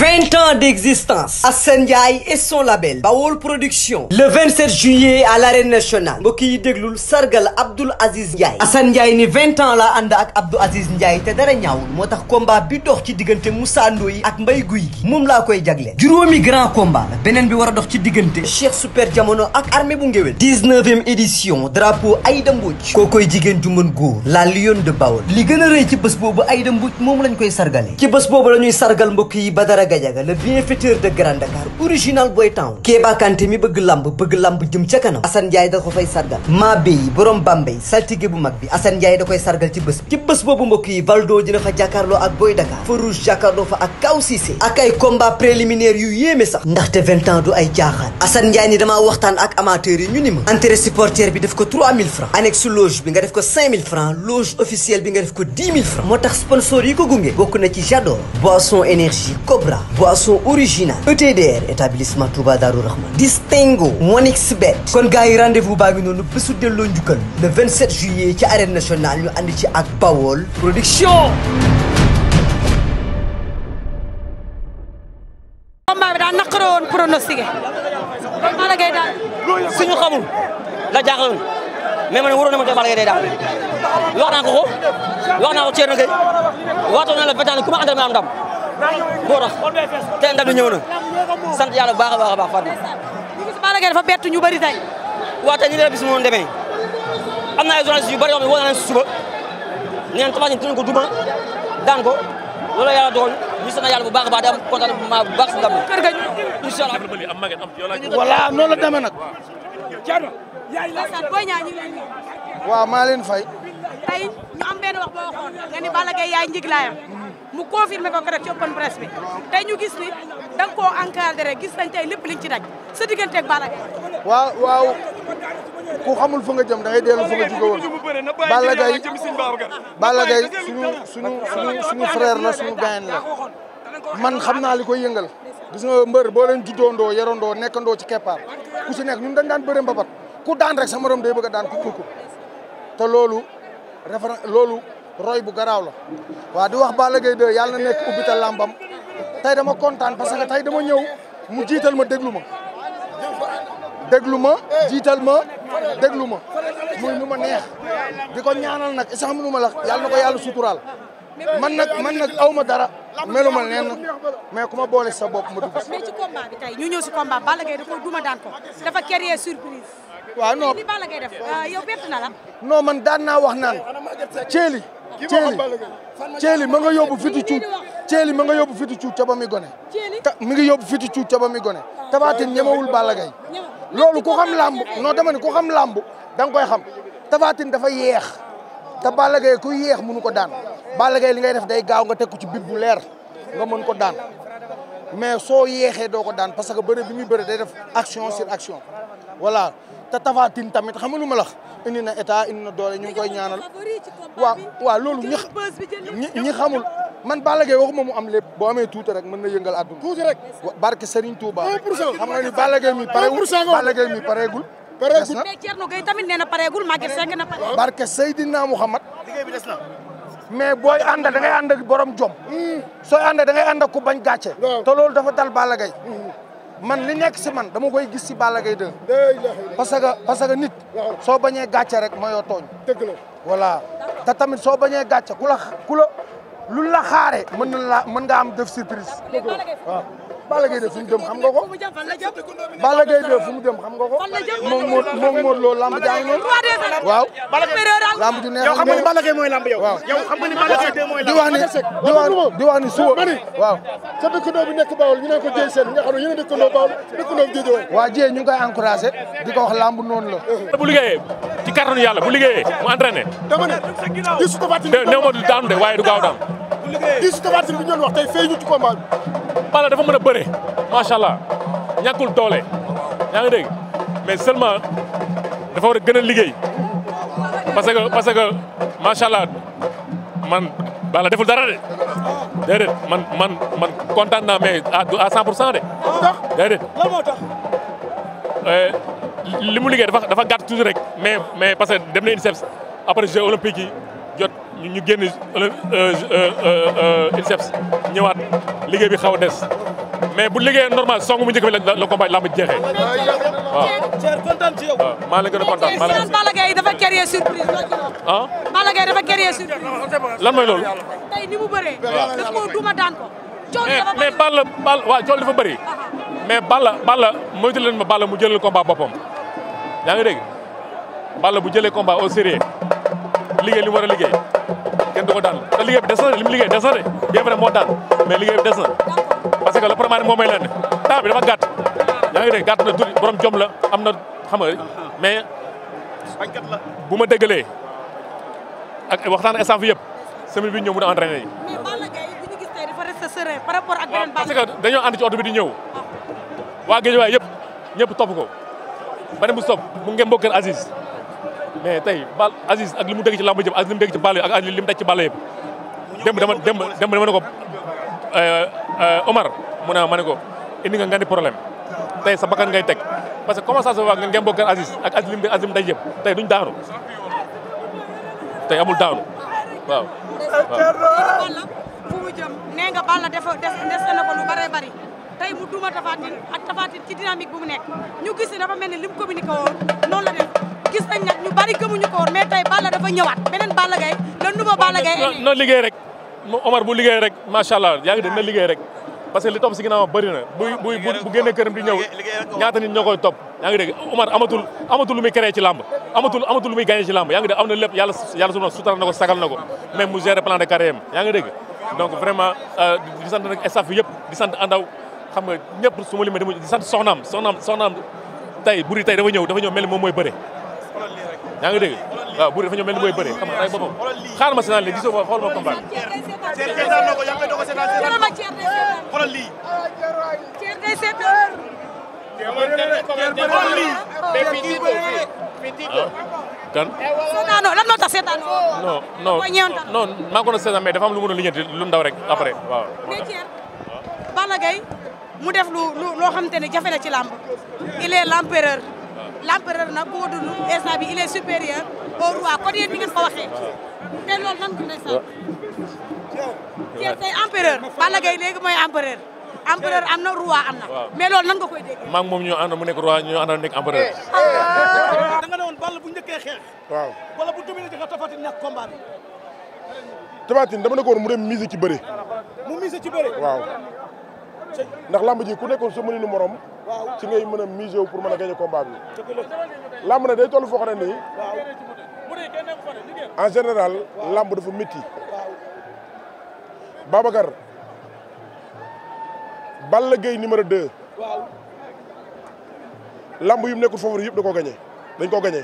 20 ans d'existence Assane Ndiaye et son label Bawol Production le 27 juillet à l'arène nationale mbokk yi déglul sargal Abdoul Aziz Ndiaye Assane Ndiaye ni 20 ans la ànd ak Abdou Aziz Ndiaye te dara ñaawul moo tax combat bi dox ci diggante Moussa Ndoye ak mbay Guy gi moom laa koy jagle juróomi grand combat beneen bi war a dox ci diggante Cheikh Super Jamono ak armée bu ngéwél 19e édition drapeau Aïda Mbodj koo koy jigéen ju mën góor la lionne de Bawol li gën a rëy ci bés boobu Aïda Mbodj moom lañ koy sargale ci bés boobu la ñuy sargal mbokk yi Badara Gadiaga le bienfaiteur de Grand Dakar original boy town Kéba mi bëgg lamb bëgg lamb jëm ca kanam Assane Ndiaye da ko fay sargal maa béy borom Bambey saltige bu mag bi Assane Ndiaye da koy sargal ci bés bi ci bés boobu mbokk yi Valdo dina fa jàkkaarloo ak Boy Dakar Farouche jàkkaarloo fa ak Kaw Cissé ak ay combat préliminaire yu yéeme sax ndaxte ans du ay jaaxaan Assane Ndiaye ni damaa waxtaan ak amateurs yi ñu ni ma entrée supporter bi def ko 3000 francs annexe loge boisson originale ETDR établissement Touba Darou Rahman Distingo Monix Bet kon gars yi rendez-vous baa ngi noonu bésu delloo njukkal le 27 juillet ci arène nationale ñu ànd ci ak Bawol production combat bi xamul la jaaxaloon mais man waroon na ma jox Balla Gaye ko ko wax naa ko la bétaan ku ma àndal am ndam boo tax tey ndam bi ñëw na sant yàlla bu baax a baax a baax Fatma. ñu gis Balla Gaye dafa bett ñu bëri tey. waaw tey la bis moom demee am na ay journalistes yu bëri yoo xam ne woo na leen si suba nee nañ Tapha ko duma daan ko loolu yàlla doon ñu sant yàlla bu baax a baax di am kontaan bu baax si ndam bi. kër ga ñu incha allah. voilà noonu la demee nag. waaw maa leen fay. tey ñu am benn wax boo waxoon nga ni Balla Gaye yaay njiglaayam. mu confirmé ko keroog ci open press bi tey ñu gis ni da nga koo gis nañ tey lépp liñ ci daj sa digganteeg Balla Gaye waaw waaw ku xamul fu nga jëm da ngay dellu fu nga jóge woon Balla Gaye Balla Gaye suñu suñu suñu la suñu gayen la man xam naa li koy yëngal gis nga mbër boo leen juddoondoo yarandoo nekkandoo ci keppaar ku si nekk ñun dañ daan bëre mbapat ku daan rek sa morom day bëgg a daan ku kuku te loolu loolu roy bu garaaw la waaw di wax Balla Gaye de yàlla na nekk ubbital làmbam tey dama kontaan parce que tey dama ñëw mu jiital ma déglu ma déglu ma jiital ma déglu ma muy nu ma neex di ko ñaanal nag isax nu ma la yàlla na ko yàlla suturaal man nag man nag aw ma dara melu ma leen mais ku ma boole sa bopp ma dugg mais ci combat bi tey ñu ñëw si combat Balla Gaye dafa duma daan ko surprise waaw euh, non man daan naa wax naan ceeli Thiely Thiely ma nga yóbbu fiti cuut Thiely ma nga yóbbu fiti cuut ca ba muy gone mi ngi yóbbu fiti cuut ca ba muy gone Tapha ah. Tine ñemewul Balla Gaye loolu ku xam làmb non dama ne ku xam làmb da nga koy xam Tapha Tine dafa yeex te Balla Gaye ku yeex mënu ko daan Balla Gaye li ngay def day gaaw nga teg ko ci bit bu leer nga mën ko daan mais soo yeexee doo ko daan parce que bëre bi muy bëre day def action sur action voilà te Tapha Tine tamit xam nga lu ma la wax na état indi na doole ñu ngi koy ñaanal waaw waaw loolu ñi ñi xamul man Balla Gaye waxuma mu am lépp boo amee tuuti rek mën na yëngal àdduna tuuti rek barke Serigne Touba xam nga ni Balla Gaye mi pareegul Balla Gaye mi pareegul pareegul mais Thierno Gueye tamit nee na pareegul Maguette Sène na pareegul barke Seydina bi des na mais booy ànd da ngay ànd ak borom jom hmm. sooy ànd da ngay ànd ak ku bañ gàcce te loolu dafa dal Balla Gaye hmm. man li nekk si man dama koy gis si Balla Gaye 2 que parce que nit soo bañee gàcce rek ma yoo tooñ dëgg la voilà te tamit soo bañee gàcce ku la ku la lu la xaare mën na la mën nga am def surprise waaw Balla Gaye 2 fu mu jëm xam nga ko. Balla Gaye 2 fu mu jëm xam nga ko. moom moom moo lamb jaay noonu. waaw. lamb ju neex waaw yow xam nga bi nekk Bawol ñu ne ko Dieye Sène nga xam ne yéen a dëkkandoo Bawol dëkkandoo Dieye Dieye. waa Dieye ñu ngi koy di ko wax lamb noonu la. bu liggéeyee ci kattanu yàlla bu mu entraîné. ne gisu Tapha bi ñu doon wax tey feeñu ci combat Balla dafa mën a bëre macha allah ñàkkul doole yaa ngi dégg mais seulement dafa war gën a liggéey parce que parce que macha allah man Balla deful dara de déedéet man man man kontaan naa mais à 100 pour de. déedéet euh, li mu liggéey dafa dafa gàtt rek mais mais parce que dem na INSEPS après Jeux olympiques yi. ñu génn euh, euh, euh, INSEPS ñëwaat liggéey bi xaw des mais bu liggéey normal song mu njëkk bi la la combat lamb jeexee waaw. waaw a a. Balla Gaye dafa créer surprise. ah Balla Gaye dafa créer surprise. lan mooy loolu. mu bëree. ko. coono mais mais Balla mu jëlal combat boppam yaa ngi dégg Balla bu jëlee combat au sérieux liggéey li mu war a liggéey. da ko daan te liggéey bi des li mu liggéey des na de bien vrai moo daan mais liggéey bi des parce que le premier moo may leen ne temps bi dafa gàtt yaa ngi dégg gàtt na tuuti borom jom la am na xam mais bu ma déggalee ak waxtaan ak staff yëpp semaine bi ñëw mën a entraîné yi parce que dañoo ànd ci oto bi di ñëw ah. waa Guédiawaye yëpp ñëpp topp ko ba mu stop mu ngeen kër Aziz mais tey bal Aziz ak li mu dégg ci làmb jëm ak li mu dégg ci bal ak ak li mu daj ci bal yëpp ne ko euh, euh, Omar mu ne ma ko indi nga ngandi problème tey sa bakkan ngay teg parce que comment ça se va nga tey duñ daanu tey amul daanu waaw. fu mu jëm nee nga Balla dafa des na ko lu bëree tey mu duma Tapha Tine ak Tapha Tine ci ñu gis ne dafa mel ni lim communiqué woon noonu la def. gis nañ nag ñu bari gëmuñu ko woon mais tey Balla dafa ñëwaat beneen Balla Gaye le nouveau Balla Gaye na liggéey rek Omar bu liggéey rek macha allah yaa ngi dégg na liggéey rek parce que li topp si ginnaaw bëri na buy buy bu génnee këram di ñëw ñaata nit ñoo koy topp yaa ngi dégg Omar amatul amatul lu muy créé ci làmb amatul amatul lu muy gagné ci làmb yaa ngi dégg am na lépp yàlla yàlla suma sutal na ko sagal na ko même mu géré plan de carrière yaa ngi dégg donc vraiment euh, di sant yëpp di sant andaw xam nga ñëpp su ma limee di sant soxnaam soxnaam soxnaam tey buri tey dafa ñëw dafa ñëw mel moom mooy bëre yaa ngi dégg waaw bu dafa ñëw mel ni bëre xam nga ay boppam xaar ma seetaan léegi gisoo ma xool ma combat xoolal lii ah, kan seetaanoo lan maa ngi ko doon seetaan lu mu doon lijjanti lu rek après waaw Balla mu def lu loo xamante jafe na ci làmb il l'empereur l'empereur nag ku ko dund bi il est supérieur au roi kon yéen bi ngeen ko waxee te loolu nan ko ndeysaan yéen tey empereur Balla Gaye léegi mooy empereur empereur am na roi am na mais loolu nan nga koy dégg maa ngi moom ñoo ànd mu nekk roi ñoo ànd nekk empereur ah. da nga ne woon Balla bu njëkkee xeex waaw mu dem ci bëre mu mise ci bëre ndax lamb ji ku nekkoon sa mëninu morom ci ngay mën a miser wu pour mën a gagner combat bi lamb na day toll foo xam ne nii en général lamb dafa métti Babacar Balla Gaye numéro 2 lamb yu mu nekkul favori yëpp da koo gagné dañ koo gagné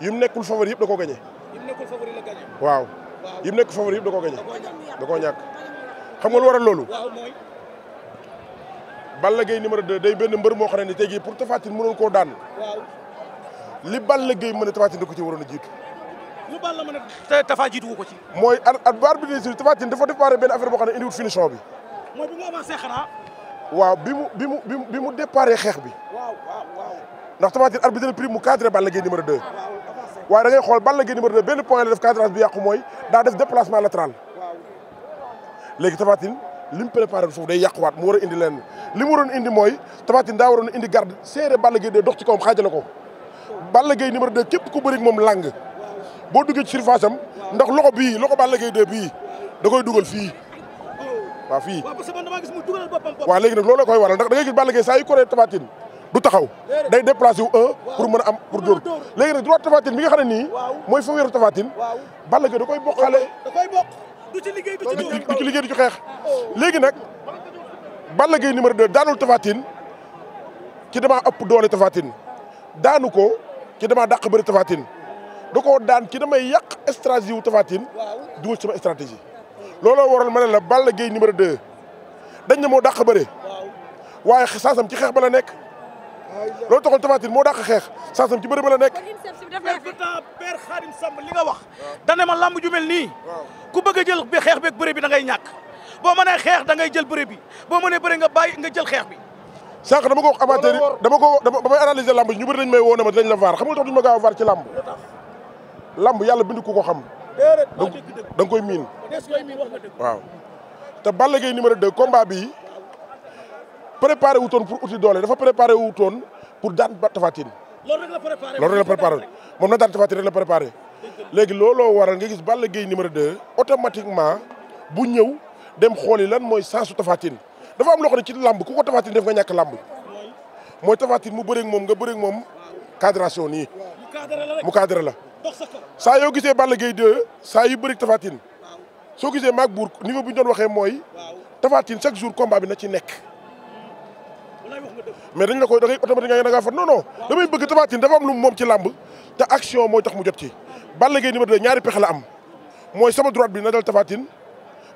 yu nekkul favori yëpp da ko gagné waaw yu mu da koo gagné xam nga lu waral loolu. Balla Gaye numéro 2 day benn mbër moo xam ne ni tey jii pour Tapha Tine mënoon koo daan. li Balla Gaye mën a Tapha Tine da ko ci waroon a jiitu. lu Balla mën a Tapha jiitu wu ko ci. mooy ar at ba arbitre bi Tapha Tine dafa déparé benn affaire boo xam ne indiwut finition bi. mooy bi mu avancé xanaa. waaw bi mu bi mu bi mu xeex bi. waaw waaw ndax Tapha Tine arbitre prix mu cadré Balla Gaye numéro 2. waaye da ngay xool Balla Gaye numéro 2 benn point la def cadrage bi yàqu mooy daa def déplacement latéral. léegi Tapha Tine li mu préparé foofu day yàquwaat mu war a indi lenn li mooy Tapha Tine daa waroon indi garde serré Balla Gaye de dox ci kawam xaajale ko Balla Gaye numéro 2 képp ku bëri moom làng boo duggee ci surface am ndax loxo bii loxo Balla Gaye de bii da koy dugal fii waaw fii waaw léegi nag loolu koy waral ndax da ngay gis Balla Gaye saa yu koree Tapha du taxaw day déplacé wu un pour mën a am pour dóor léegi nag droit Tapha Tine bi nga xam ne nii mooy fa wéeru Tapha Tine Balla Gaye da koy bokkaale du ci liggéey du ci xeex léegi nag Balla Gaye numéro 2 daanul Tapha Tine ci damaa ëpp doole Tapha daanu ko ci damaa dàq bëri Tapha Tine da koo daan ci damay yàq stratégie wu Tapha Tine dugal sama stratégie looloo waral ma ne la Balla Gaye numéro 2 dañ ne moo dàq bëri waaye saasam ci xeex ba la nekk loolu taxul Tapha Tine moo dàq xeex sansam ci bëri ba la nekk pourtant père Khadim Samb li nga wax dane ma lamb ju mel nii ku bëgg a jël xeex beeg bëri bi da ngay ñàkk boo mënee xeex da ngay jël bëri bi boo mënee bëri nga bàyyi nga jël xeex bi sanq dama ko wax amateur dama ko ba may analyser lamb ñu bëri dañ may woo na ma dinañ la vaar xam ma gaaw a vaar ci lamb lamb yàlla bind ku ko xam da nga koy miin waaw te Balla Gaye numéro 2 combat bi préparé wutoon pour uti doole dafa préparé wutoon pour daan Tapha Tine. loolu rek la préparé loolu rek la préparé moom na daan Tapha Tine rek la préparé. léegi looloo waral nga gis Balla Gaye numéro 2 automatiquement bu ñëw dem xooli lan mooy sensu Tapha Tine dafa am loo xam ne ci làmb ku ko Tapha Tine def nga ñàkk làmb mooy Tapha mu bëreeg moom nga bëreeg moom cadration nii mu cadre la saa yoo gisee Balla Gaye 2 saa yi bëreeg Tapha Tine soo gisee maag buur niveau bu ñu doon waxee mooy Tapha chaque jour combat bi na ci nekk mais dañ la koy da ngay automatiquement nga da ngaa far non non damay bëgg Tapha Tine dafa am lu moom ci làmb te action mooy tax mu jot ci Balla Gaye numéro 2 ñaari pexe mooy sama droite bi na dal Tapha Tine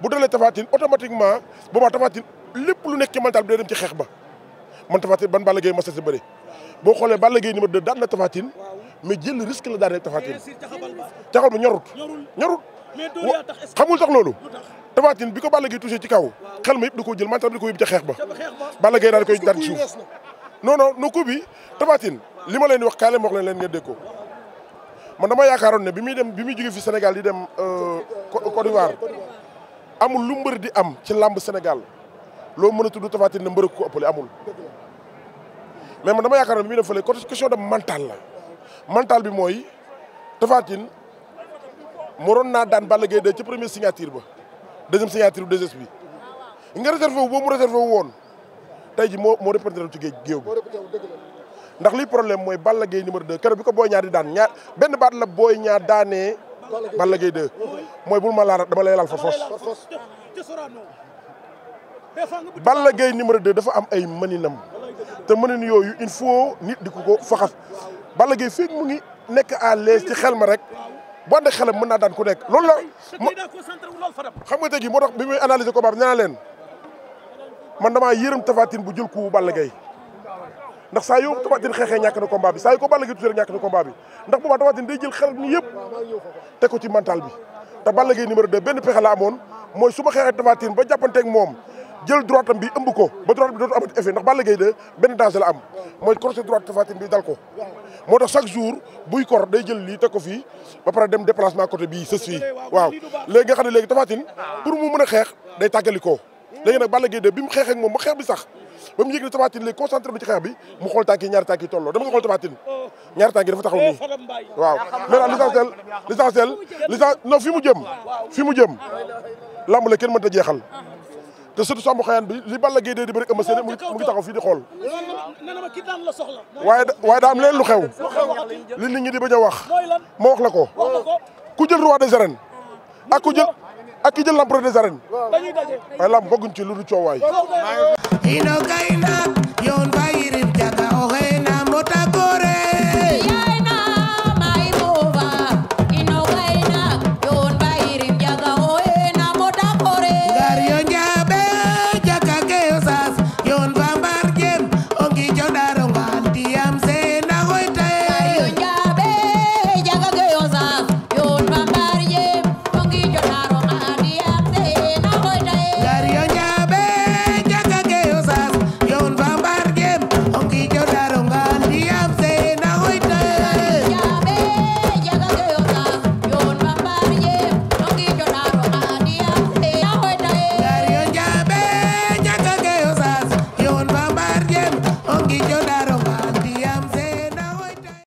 bu dalee Tapha Tine automatiquement boobaa Tapha Tine lépp lu nekk ci mental bi day dem ci xeex ba man Tapha Tine ban Balla Gaye masa si bëri boo xoolee Balla Gaye numéro 2 daan na Tapha Tine mais jël risque la daanee Tapha Tine caxal ba ñorut ñorut xamul sax loolu Tapha bi ko Balla Gaye touché ci kaw xel ma yëpp da koo jël man tam da ko yóbbu ca xeex ba Balla Gaye daal koy daan ci suuf non no coup bi Tapha Tine li ma leen di wax kaale ma wax leen leen nga dégg ko man dama yaakaaroon ne bi muy dem bi muy jóge fi Sénégal di dem euh, Côte d'Ivoire amul lu mbër di am ci làmb Sénégal loo mën a tudd Tapha Tine ne mbër ko ëppale amul mais man dama yaakaaroon ne bi muy dem fële question de mental la mantaal bi mooy Tapha Tine naa daan Balla de ci premier signature ba deuxième signature bu 2S bi nga réservé wu boo mu réservé woon tey ji moo moo répété ci géej géew bi ndax liy problème mooy Balla Gaye numéro 2 keroog bi ko Boy Niang daan ñaar benn baat la Boy Niang daanee Balla Gaye 2 mooy bul ma laal dama lay laal fa fos Balla Gaye numéro 2 dafa am ay mëninam te mënin yooyu il faut nit di ko ko faxas Balla Gaye fekk mu ngi nekk à l'aise ci xel ma rek boo ànd xelam mën naa daan ku nekk loolu la. xam nga te jii moo tax bi muy analyser ko bi nee leen man damaa yërëm Tapha bu jël ku Balla Gaye ndax saa yu Tapha Tine xeexee ñàkk na combat bi saa yu ko Balla Gaye tuuti rek ñàkk ko combat bi ndax boobaa Tapha Tine day jël xelam ni yëpp teg ko ci mantaal bi te Balla Gaye numéro de benn pexe la amoon mooy su ma xeexee Tapha ba jàppanteeg moom jël droite am bi ko ba droite bi dootu amati effet ndax Balla Gaye de benn danger la am mooy crochet droite Tapha bi dal ko moo tax chaque jour buy kor day jël lii teg ko fii ba pare dem déplacement côté bii sës fii waaw léegi nga xam ne léegi Tapha Tine pour mu mën a xeex day tàggalikoo léegi nag Balla Gaye de bi mu xeexee ak moom mu xeex bi sax ba mu yëg ne Tapha Tine léegi concentré bi ci xeex bi mu xool tànk yi ñaari tànk yi tolloo dama nga xool Tapha Tine ñaari tànk yi dafa taxaw nii mu jëm fi mu jëm lamb la kenn mën ta jeexal te surtout Samba Xayaan bi li Balla Gaye dee di bëri Eumeu Sène mu ngi fii di xool waaye daam leen lu xew li nit di bañ a wax ma wax la ko ku jël roi des arènes ak ku jël a ki jël l'empereur des arènes waaye lamb bokkuñ ci lu du coow waay